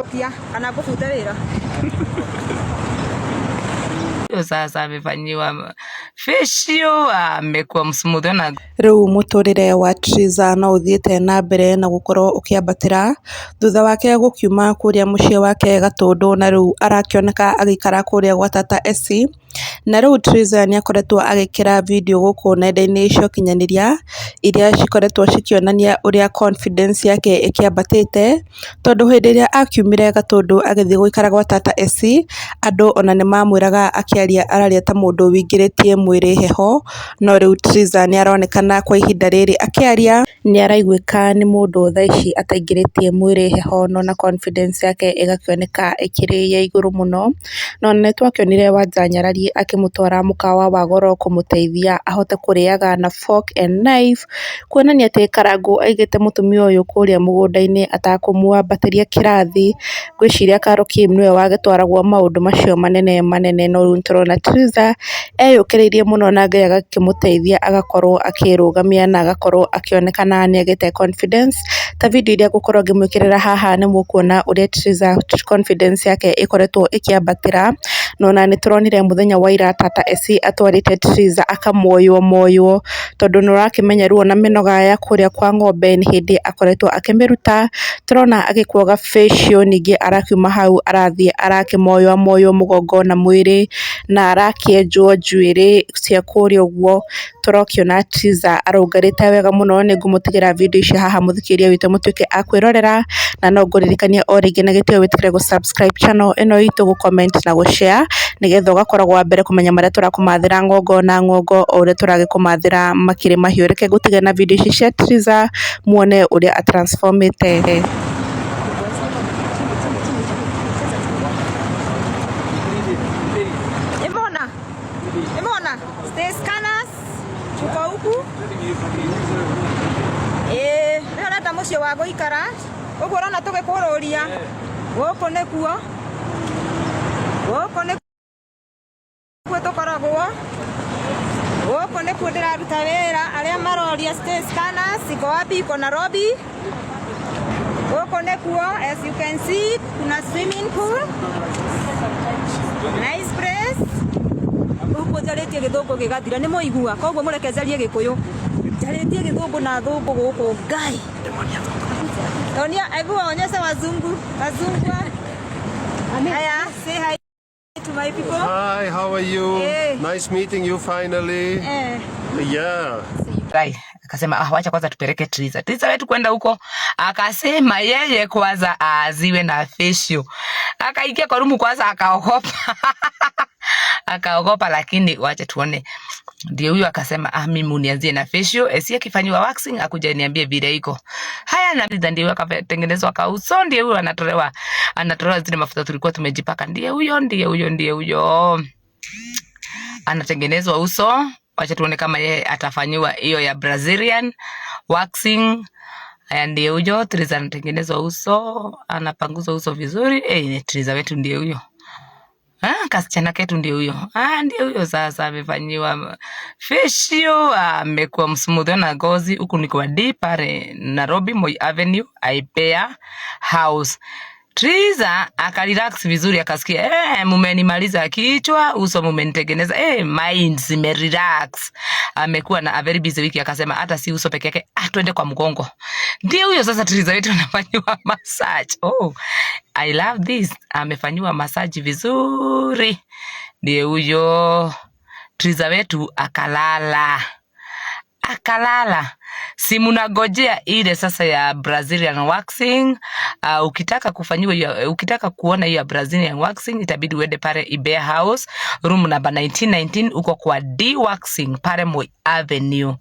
kuthiũrũrũkia kana ngũbute wĩra sasa amefanyiwa facial amekuwa msmutho na riu muturire wa Triza no uthiite na mbere na gukorwo ukiambatira thutha wake gukiuma kuria mucii wake Gatundu na riu arakioneka agiikara kuria gwa tata Esi na riu Triza niakoretwo agikira video guku nenda-ini cia ukinyanĩria iria cikoretwo cikionania ũria confidence yake ikiambatĩte tondũ hĩndĩ ĩrĩa akiumire Gatũndũ agĩthiĩ ikara gwa Tata AC andũ ona nĩmamwĩraga akĩaria araria ta mũndũ tie mwĩrĩ heho no riu Triza nĩaronekana kwa ihinda rĩrĩ akĩaria nĩaraigwĩka nĩ mũndũ thaa ici tie mwĩrĩ heho no na ona confidence yake ĩgakĩoneka ĩkĩrĩ ya igũrũ no na nĩtwakĩonire Wanja Nyarari agĩthiĩ akĩmũtwara mũkawa wa goro kũmũteithia ahote kũrĩaga na fork and knife, kuonania atĩ Karangũ aigĩte mũtumia ũyũ kũrĩa mũgũnda-inĩ atakũmwambatĩria kĩrathi, ngwĩciria Carol Kim nĩwe wagĩtwaragwo maũndũ macio manene manene no rĩu nĩtũrona Twiza eyũkĩrĩirie mũno na Ngai agakĩmũteithia agakorwo akĩrũgamia na agakorwo akĩonekana nĩagĩte confidence, ta video iria ngũkorwo ngĩmwĩkĩrĩra haha nĩmũkuona ũrĩa Twiza confidence yake ĩkoretwo ĩkĩambatĩra nona ona nä tå ronire wa ira tata SC atwarite Triza akamuoywo moyo tondu nä å rakä ruo na minoga ya kuria kwa ng'ombe ni hä ndä akoretwo akä mä ruta tå rona agä kuoga facial ningä arakiuma hau arathiä arakä moywa moywo na mwä na arakĩenjwo njuĩrĩ cia kũrĩa ũguo tũrokiona Triza arũngarĩte wega muno nĩ ngũmũtigĩra video ici haha muthikiria wite mũtuĩke akwirorera na no ngũririkania o rĩngĩ na gĩtĩo wĩtĩkĩre gũ subscribe channel ĩno itũ gũ comment na gũ share nigetha ugakoragwo wa mbere kumenya maria turakumathira ngongo na ngongo o uria turagikumathira makiri mahiu reke ngutige na video ici cia Triza muone uria atransformite mucio wa guikara uguo gå tugikururia guku nikuo guku ni kuo tukoragwo guku ni kuo ndiraruta wira aria maroria state scanners iko wapi iko Nairobi guku ni kuo as you can see kuna swimming pool nice place guku njaritie githungu gigathira ni muigua koguo murekezerie gikuyu njaritie githungu na thungu guku ngai Tonia, hebu waonyeshe wazungu wazungu. Haya, say hi. Malay people. Hi, how are you? Eh. Nice meeting you finally. Eh. Yeah. Right. Akasema ah, wacha kwanza tupeleke Triza. Triza wetu kwenda huko. Akasema yeye kwanza aziwe ah, na fesho. Akaingia kwa rumu kwanza akaogopa. akaogopa, lakini wacha tuone. Ndio huyo akasema ah, mimi unianzie na facial esi eh, akifanywa waxing akuja niambie vile iko haya. Na ndio ndio akatengenezwa ka uso, ndio huyo anatolewa, anatolewa zile mafuta tulikuwa tumejipaka. Ndio huyo ndio huyo ndio huyo anatengenezwa uso. Wacha tuone kama yeye atafanywa hiyo ya Brazilian waxing. Haya, ndio huyo Triza anatengenezwa uso, anapanguza uso vizuri. Eh, Triza wetu ndio huyo. Ah, kasichana ketu ndio huyo. Ah, ndio huyo sasa amefanyiwa facial, amekuwa msmoothio na gozi huku niko deep pale Nairobi Moi Avenue Aipea House. Triza akarelax vizuri akasikia, eh, mumenimaliza kichwa, uso mumenitengeneza, eh, mind zimerelax. Amekuwa na a very busy week, akasema hata si uso peke yake, ah, twende kwa mgongo. Ndio huyo sasa Triza wetu anafanyiwa massage. Oh, I love this. Amefanyiwa massage vizuri. Ndio huyo Triza wetu akalala akalala. Si mnagojea ile sasa ya Brazilian waxing. Uh, ukitaka kufanyiwa hiyo, uh, ukitaka kuona hiyo Brazilian waxing itabidi uende pale Ibea House room namba 1919 uko kwa D Waxing pale Moi Avenue.